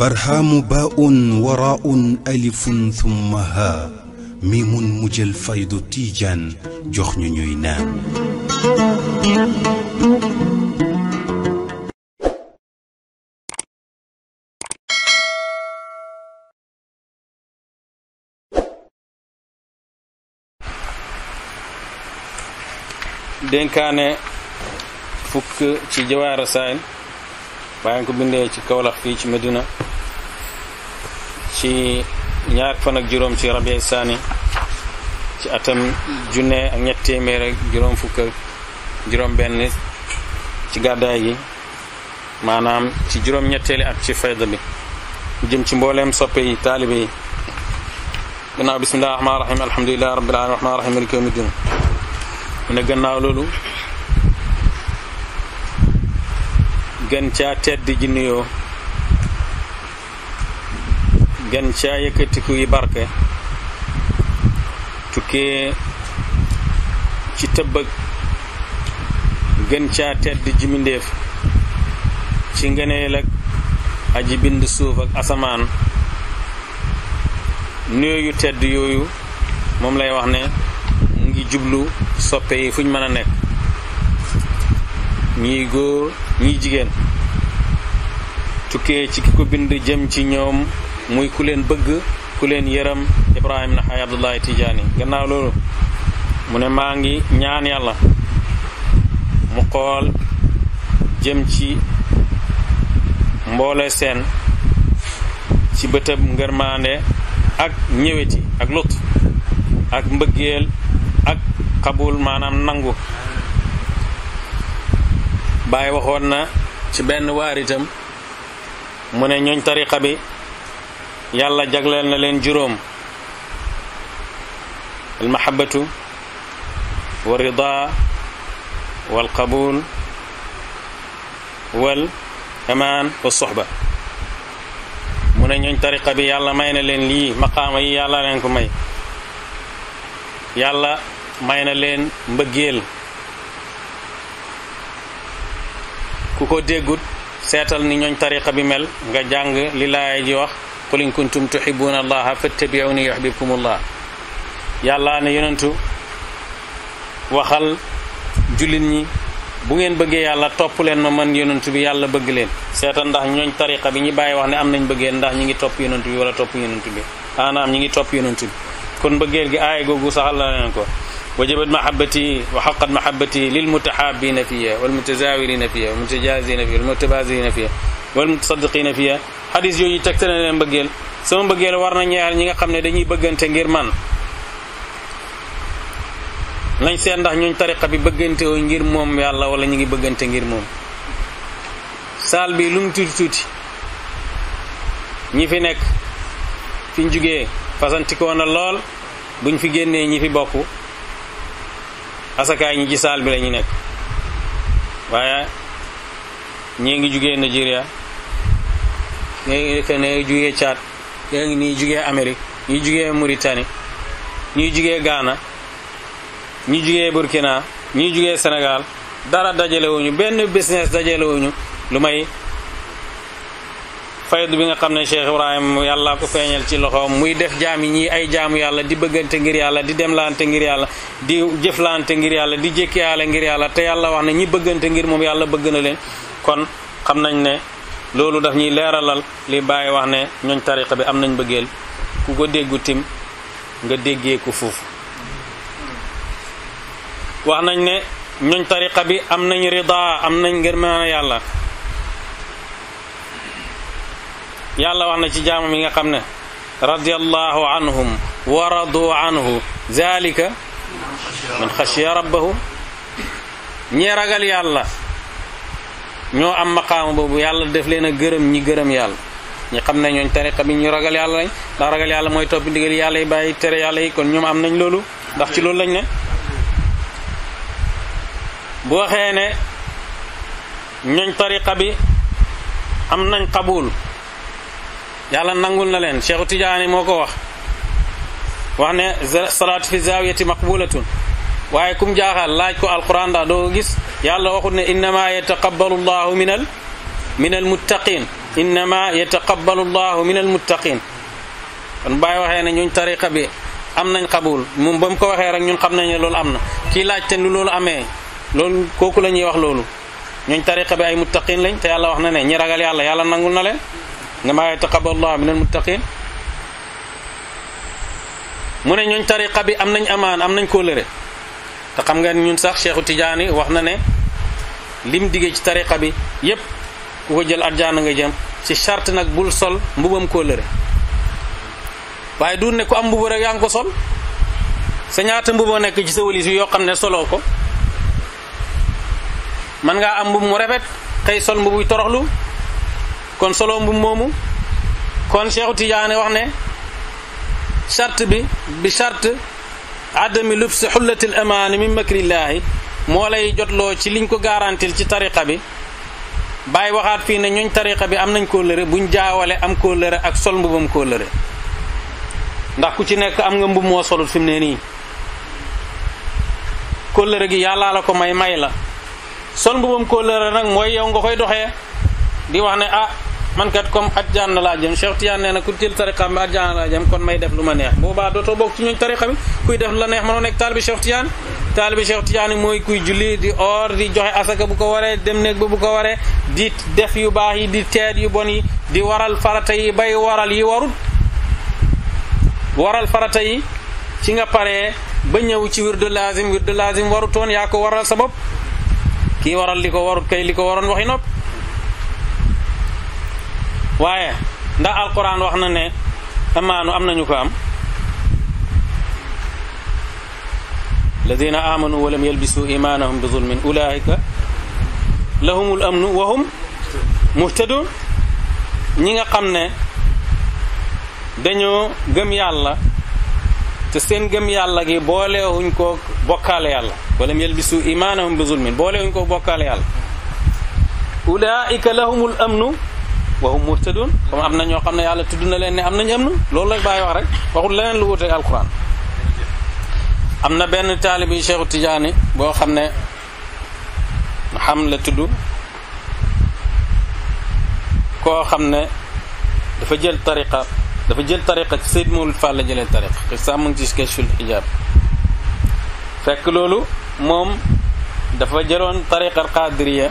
barhaamu baaun waraaun alifun thumma haa miimun mu jël faydu tiijaan jox ñu ñuy naan. dénkaane fukk baa ngi bindee ci Kaolack fii ci Medina ci ñaar fan ak juróom ci rabi saani ci atam junne ak ñett téeméer ak fukk ak benn ci gàddaay gi maanaam ci juróom ñetteeli at ci fayda bi jëm ci mboolem soppe yi taalibe yi gannaaw bismillahi rahmaani rahim alhamdulilahi rabbil alamin rahim mu ne gannaaw loolu gën caa tedd ji nuyoo gën caa yëkkatiku yi barke tukkee ci tëbbëg gën caa tedd ji mindéef ci ngëneel ak aji bind suuf ak asamaan nuyoo yu tedd yooyu moom lay wax ne mu ngi jublu soppe yi fuñ mën a nekk ñiy góor jigéen tukkee ci ki ko bind jëm ci ñoom muy ku leen bëgg ku leen yëram ibrahim na xay abdullahi tijaani gannaaw loolu mu ne maa ngi ñaan yàlla mu xool jëm ci mboole seen ci bëtëb ngërmaande ak ñëweti ak lut ak mbëggeel ak xabul maanaam nangu Baye waxoon na ci benn waaritam mu ne ñooñ tariqa bi yàlla jagleel na leen juróom almahabatu wa rida wal qabul wal amaan wa soxba mu ne ñooñ tariqa bi yàlla may na leen lii maqaama yi yàlla leen ko may yàlla may na leen mbëggeel ku ko déggut seetal ni ñooñ tariqa bi mel nga jàng li ji wax qul in kuntum tuhibbuna allaha fattabi'uni yuhbibkumullah yàlla ne yonentu waxal jullit ñi bu ngeen bëggee yàlla topp leen ma man yonentu bi yàlla bëgg leen seetal ndax ñooñ tariqa bi ñi bàyyi wax ne am nañ bëggeen ndax ñi ngi topp yonentu bi wala topp yonentu bi maanaam ñi ngi topp yonentu bi kon bëggeel gi aaya googu saxal la leen ko وجب محبتي وحق محبتي للمتحابين فيها والمتزاورين فيها والمتجازين فيها والمتبازين فيها والمتصدقين فيها حديث يوجي تكتنا لهم بقيل سمم بقيل ورنا نيال نيغا قمنا دنيي بقين تنغير من لن سيان نيون طريقة بي بقين تنغير موم يا الله ولا نيغي بقين تنغير موم سال بي لون توت توت نك فين جوغي فازان تكوانا لول بون في جيني ني بوكو asakaay ñi ci saal bi la ñu nekk waaye ñi ngi jugee Nigeria ñii ngi ne jugee Tchad ñii ngi nii jugee Amérique ñii jugee Mauritanie ñii jugee Ghana ñii jugee Burkina ñii jugee Sénégal dara dajalewuñu benn business dajalewuñu lu may faydu bi nga xam ne Cheikh Ibrahim yàlla ko feeñal ci loxoom muy def jaam yi ñi ay jaamu yàlla di bëggante ngir yàlla di demlante ngir yàlla di jëflante ngir yàlla di jékkiyaale ngir yàlla te yàlla wax ne ñi bëggante ngir moom yàlla bëgg na leen kon xam nañ ne loolu daf ñuy leeralal li bàyyi wax ne ñooñ tariqa bi am nañ bëggeel ku ko déggu tim nga déggee ko foofu wax nañ ne ñooñ tariqa bi am nañ rida am nañ ngërmaana yàlla يالله وحنا شي جامع ميغا خامنا رضي الله عنهم ورضوا عنه ذلك من خشي ربه ني راغال يالله ño am maqam bobu yàlla def leena geureum ñi geureum yàlla ñi xam nañu ñooñ tariqa bi ñu ragal yàlla lay da ragal yàlla moy top digel yàlla yi bàyyi tere yàlla yi kon ñum am nañ lolu ndax ci lolu lañ ne bu waxee ne ñooñ tariqa bi am nañ qabul yàlla nangul na len Cheikhu tidiane moko wax wax ne salat fi zawiyati maqbulatun waye kum jaaxal laaj ko alquran da do gis yàlla waxul ne inma yataqabbalu allah min al min al muttaqin inma yataqabbalu allah min al muttaqin kon bàyyi waxe ne ñuñ tariqa bi am nañ qabul moom bam ko waxe rek ñun xam nañ ne loolu am na kii laajte lu loolu amee loolu kooku wax loolu ñuñ tariqa bi ay muttaqin lañ te yàlla wax na ne ñi ragal yàlla yàlla nangul na len انما يعتقب الله من المتقين من نيون طريقه بي ام امان ام نن كولير تا خمغا نيون صاح شيخ تجاني واخنا ني ليم ديغي سي طريقه بي ييب كوكو جيل ارجان nga جيم سي شارت نك بول سول مبوم كولير باي دون نكو ام مبو رك يانكو سول سا نياتا مبو نك سي سوليس يو خامن سولوكو من nga ام مبو مو رافيت تاي سول مبو يتروخلو kon solo mbubb moomu kon Cheikhu Tidiane wax ne charte bi bi charte adami lubsi xullatil amaani min makrillaahi moo lay loo ci liñ ko garantil ci tariqa bi bàyyi waxaat fii ne ñooñ tariqa bi am nañ kóllëre buñ jaawale am kóllëre ak sol mbubam kóllëre ndax ku ci nekk am nga mbub moo solut fi mu ne nii kóllëre gi yàllaa la ko may may la sol mbubam kóllëre nag mooy yow nga koy doxee di wax ne ah man kat comme àjjana laa jëm Cheikh Tidiane nee na ku jël kon may def lu ma neex boobaa dootoo bokk ci ñun tariqa bi kuy def lu la neex mënoo nekk taalibi Cheikh Tidiane taalibi Cheikh Tidiane mooy kuy julli di or di joxe asaka bu ko waree dem néeg ba bu ko waree di def yu baax yi di teet yu bon yi di waral farata yi bay waral yi warut waral farata yi ci nga paree ba ñëw ci wirdu lazim wirdu lazim warutoon yaa ko waral sa bopp kii waral li ko warut kay li ko waroon waxi nopp waaye ndax alquran wax na ne amaanu am nañu ko am alladina amanu walam yalbisu imanahum bi zulmin ulaika lahumul amnu wahum muhtadun ñi nga xam ne dañoo gëm yàlla te seen gëm yàlla gi booleewuñ ko bokkaale yàlla walam yalbisu imanahum bi zulmin booleewuñ ko bokkaale yàlla ulaika lahumul amnu wa hum muhtadun comme am na ñoo xam ne yàlla tudd na leen ne am nañu am na loolu lay bàyyi wax rek waxul leneen lu wuteeg alquran am na benn taalibi Cheikhu Tidiane boo xam ne xam la tudd koo xam ne dafa jël tariqa dafa jël tariqa ci Seyd Mawlid Fall la jëlee tariqa xisa mu ngi ci kashful hijab fekk loolu moom dafa jëloon tariqa al qadiriya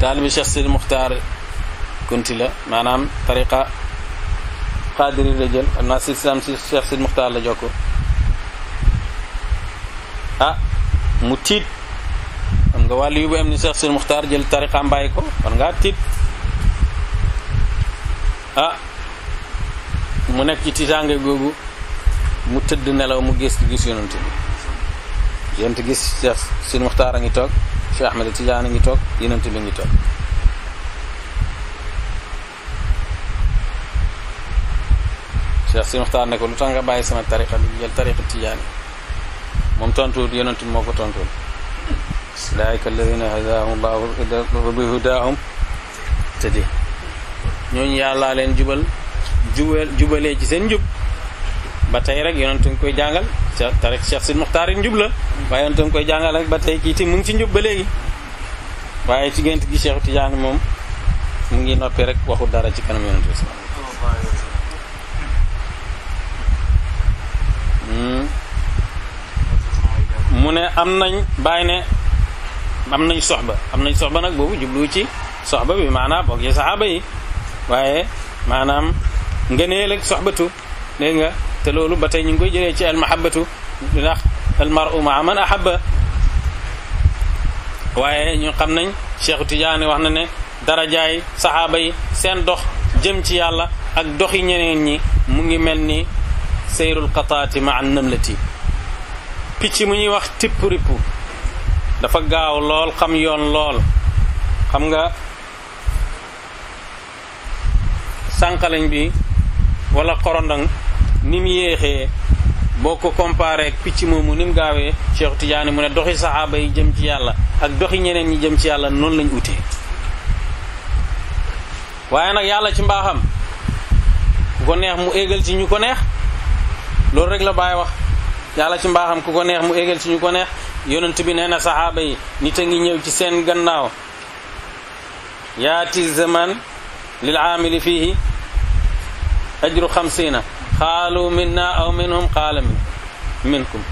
taalibi Cheikh Sidi Muxtaar kunti la maanaam tariqa xaadiri la jël xam na si islam si Cheikh Sid Muxtaar la jokko ah mu tiit xam nga wàllu yu bu am ni Cheikh Sid Muxtaar jël tariqaam bàyyi ko kon ngaa tiit ah mu nekk ci tiitaange googu mu tëdd nelaw mu gis gis yonent bi yonent gis Cheikh Sid Muxtaar a ngi toog Cheikh Ahmed Tidiane a ngi toog yonent bi ngi toog Cheikh si Muxtaar ne ko lu tax nga bàyyi sama tariqa bi jël tariqa tijaani moom tontuwul yonent moo ko tontuwul ulaayika alladina hadaahum llahu leen jubal jubal jubalee ci seen njub ba tey rek yonent nga koy jàngal tariq Cheikh si Muxtaar it njub la waaye yonent nga koy jàngal ba tey kii ti mu ngi ci njub ba léegi waaye ci gént gi Cheikh Tijaani moom mu ngi noppi rek waxu dara ci kanam yonent bi Hmm. mu ne am nañ bàyyi ne am nañ soxba am nañ soxba nag boobu jublu ci soxba bi maanaam bokk ci saxaaba yi waaye maanaam ngëneel ak soxbatu dégg nga te loolu ba tey ñu ngi koy jëlee ci ndax almaru maa man ahaba waaye ñu xam nañ Cheikh Tidiane wax na ne jaay saxaaba yi seen dox jëm ci yàlla ak doxi ñeneen ñi mu ngi mel seyrul qataati ma an namlati picc mu ñuy wax tipp ripp dafa gaaw lool xam yoon lool xam nga sànqalañ bi wala xorondang ni mu yéexee boo ko comparé picc moomu ni mu gaawee Cheikh Tidiane mu ne doxi saxaaba yi jëm ci yàlla ak doxi ñeneen ñi jëm ci yàlla noonu lañ utee waaye nag yàlla ci mbaaxam ku ko neex mu éegal ci ñu ko neex loolu rek la bàyyi wax yàlla ci mbaaxam ku ko neex mu égal ci ñu ko neex yonent bi nee na saxaaba yi nit a ngi ñëw ci seen gannaaw yaati zaman lil aamili fihi ajru xamsina qaalu minna aw minhum qaala minkum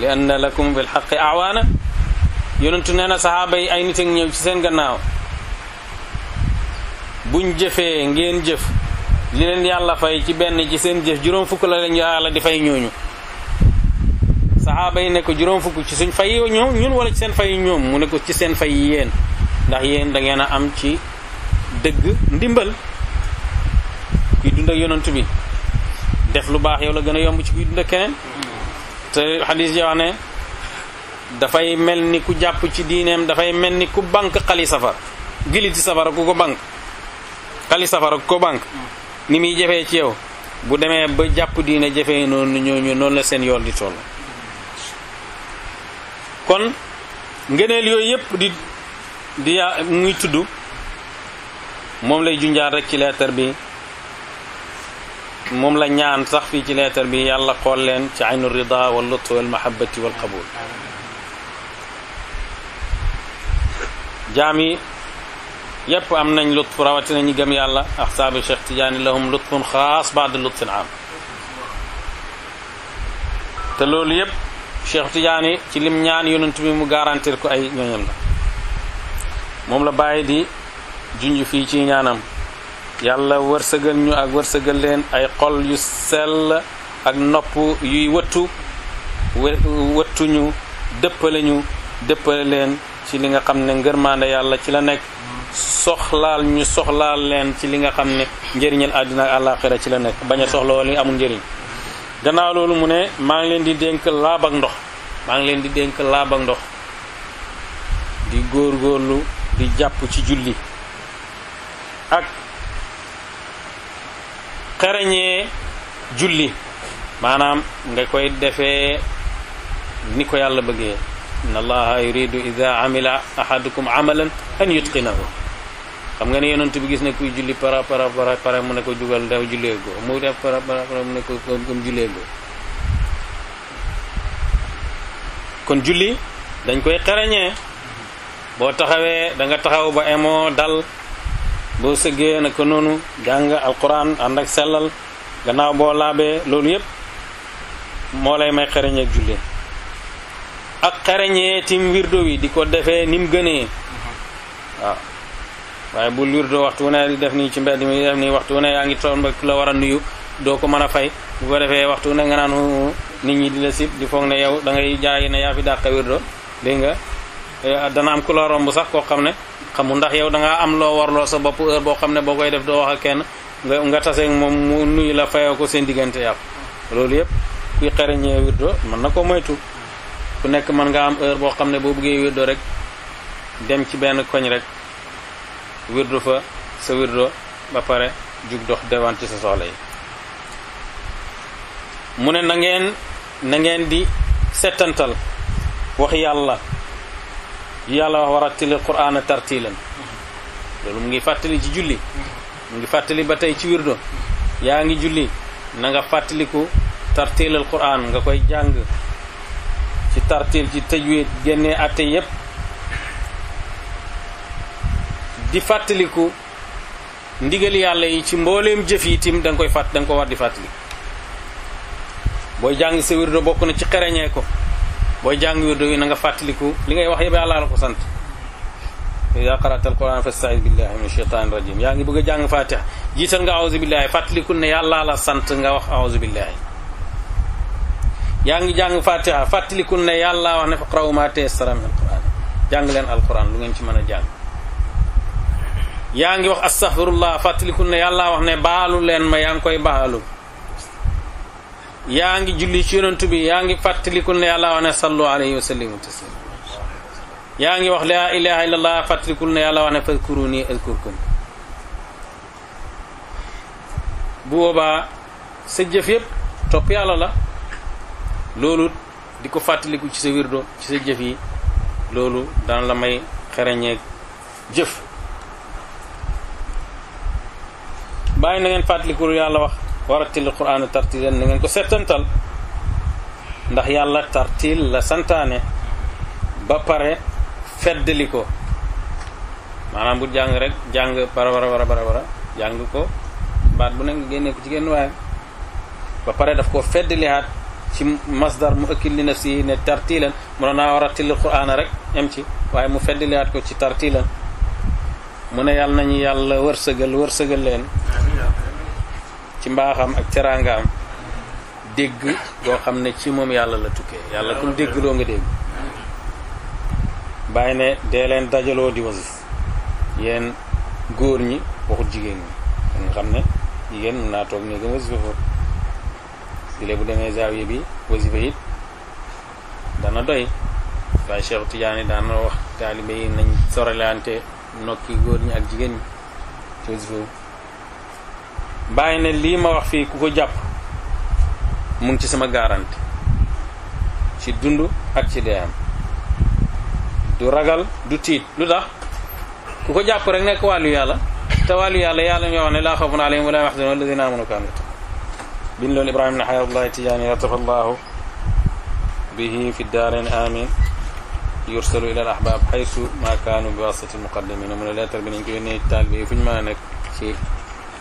li anna lakum bil xaqi awaana yonent nee na saxaaba yi ay nit a ngi ñëw ci seen gannaaw buñ jëfee ngeen jëf li leen yàlla fay ci benn ci seen jëf juróom fukk la leen yàlla di fay ñooñu saxaaba yi ne ko juróom fukk ci suñ fay ñoom ñun wala ci seen fay ñoom mu ne ko ci seen fay yéen ndax yéen da ngeen a am ci dëgg ndimbal kuy dund ak bi def lu baax yow la gën a yomb ci kuy dund keneen te xadis ji wax ne dafay mel ni ku jàpp ci diineem dafay mel ni ku bank xali safar gili ci safara ku ko bank xali safara ku ko bank ni muy jafee ci yow bu demee ba jàpp diina jafee noonu ñooñu noonu la seen yool di toll kon ngëneel yooyu yépp di di muy tudd moom lay junjaar rek ci leetar bi moom la ñaan sax fii ci leetar bi yàlla xool leen ci aynu rida wal lutf wal mahabbati wal qabul jaam yi yépp am nañ lutf rawatina ñi gëm yàlla axsaabu Cheikh Tidiane lahum lutfun xaas baad lutfin am te loolu yépp Cheikh Tidiane ci lim ñaan yonent bi mu garantir ko ay ñooñam la moom la bàyyi di junj fii ci ñaanam yàlla wërsëgal ñu ak wërsëgal leen ay xol yu sell ak nopp yuy wëttu wëttuñu dëppale ñu dëppale leen ci li nga xam ne ngërmaande yàlla ci la nekk soxlaal ñu soxlaal leen ci li nga xam ne njëriñal àddina ak àllaaxira ci la nekk bañ a soxla li amul njëriñ gannaaw loolu mu ne maa ngi leen di dénk laab ak ndox maa ngi leen di dénk laab ndox di góorgóorlu di jàpp ci julli ak xereñee julli maanaam nga koy defee ni ko yàlla bëggee inna allaha yuridu ida amila ahadukum amalan an yutqinahu xam nga ni yonent bi gis na kuy julli para para para para mu ne ko jugal daw go mu def para para para mu ne ko julle go kon julli dañ koy xarañee bo taxawé da nga taxaw ba emo dal bo sëggee na ko nonu jang alquran ànd ak sellal gannaaw boo laabee loolu yépp mo lay may ak julli ak tim wirdo wi di ko nim gëné mhm waye bu lur do waxtu ne di def ni ci mbedd mi def nii waxtu ne yaangi ngi ba la war nuyu do ko meuna fay bu ko defé waxtu ne nga nanu nit ñi di la sib di foog ne yow da ngay jaay ne ya fi dàq wirdo de nga eh, dana am ku la romb sax ko xamne xamu ndax yow da nga am lo war lo sa bop heure boo xam ne def do wax ak ken nga nga taseeg mom mu nuyu la fayé ko seen digënté yàqu loolu yépp kuy xereñee wirdo mën na ko moytu ku nekk man nga am heure bo xamne bo bëggé bëggee wirdo rek dem ci ben koñ rek wirdu fa sa wirdo ba pare jug dox dewan sa soxla yi mu ne nangeen na ngeen di setantal wax yàlla yàlla wax warattilil qur'aana tartilan loolu mu ngi fàttali ci julli mu ngi fàttali ba tey ci wirdo yaa ngi julli nanga nga fàttaliku tartilal qur'aan nga koy jàng ci tartil ci tajwid génnee atte yépp di fàttaliku ndigal yàlla yi ci mbooleem jëf yi tim da koy fàtt da ko war di fàttali booy jàng sa wirdo bokk na ci xereñee ko booy jàng wirdo yi na nga fàttaliku li ngay wax yëpp yàlla la ko sant ida qara'ta alquran fasta'id billahi min shaytani rajim yaa ngi bëgg jàng fatiha jiital nga a'udhu billahi fàttalikul ne yàlla la sant nga wax a'udhu billahi yaa ngi jàng fatiha fàttalikul ne yàlla wax ne faqra'u ma tayassara min alquran jàng leen alquran lu ngeen ci mën a jàng yaa ngi wax astaghfirullah fàttalikul ne yàlla wax ne baalu leen ma yaa ngi koy baalu yaa ngi julli ci yonentu bi yaa ngi fàttalikul ne yàlla wax ne sallu alayhi wa sallimu yaa ngi wax laa ilaha illallah fàttalikul ne yàlla wax ne fadkuruni azkurkum bu boobaa sa jëf yëpp topp yàlla la loolu di ko fàttaliku ci sa wirdo ci sa jëf yi loolu daan la may xereñeeg jëf baa na ngeen fàttaliku lu yàlla wax waratil qur'aana tartilan na ko settantal ndax yàlla tartil la santaane ba pare feddali ko maanaam bu jàng rek jàng bara bara jàng ko baat bu nekk nga ko ci génn waaye ba pare daf koo feddalihaat ci masdar mu ëkkil li nafsi ne tartilan mu ne naa waratil qur'aana rek em ci waaye mu feddalihaat ko ci tartilan mu ne yàlla nañu yàlla wërsëgal wërsëgal leen ci mbaaxam ak teraangaam dégg goo xam ne ci moom yàlla la tukkee yàlla kum dégg loo nga dégg bàyyi ne dee leen dajaloo di wasif yenn góor ñi waxut jigéen ñi nga xam ne jigéen mën naa toog néegam wasifa foofu léegi bu demee zaawiya bi wasifa it dana doy waaye Cheikh Tidiane daan na nañ sorelante nokki góor ñi ak jigéen ñi ci wasifa bàyyi ne lii ma wax fii ku ko jàpp mu ngi ci sama garanti ci dund ak ci deeyam du ragal du tiit lu tax ku ko jàpp rek nekk wàllu yàlla te wàllu yàlla yàlla mi wax ne laa xawfun alayhim wa laa yaxzanun alladina amanu kaanu bin loolu ibrahima ne xayatullahi tijaani ratafa allah bihi fi daarin amin yursalu ila al ahbab haythu ma kanu bi wasati al muqaddimin ne la tarbin ngi ko yónnee taal bi fu ñu mën ci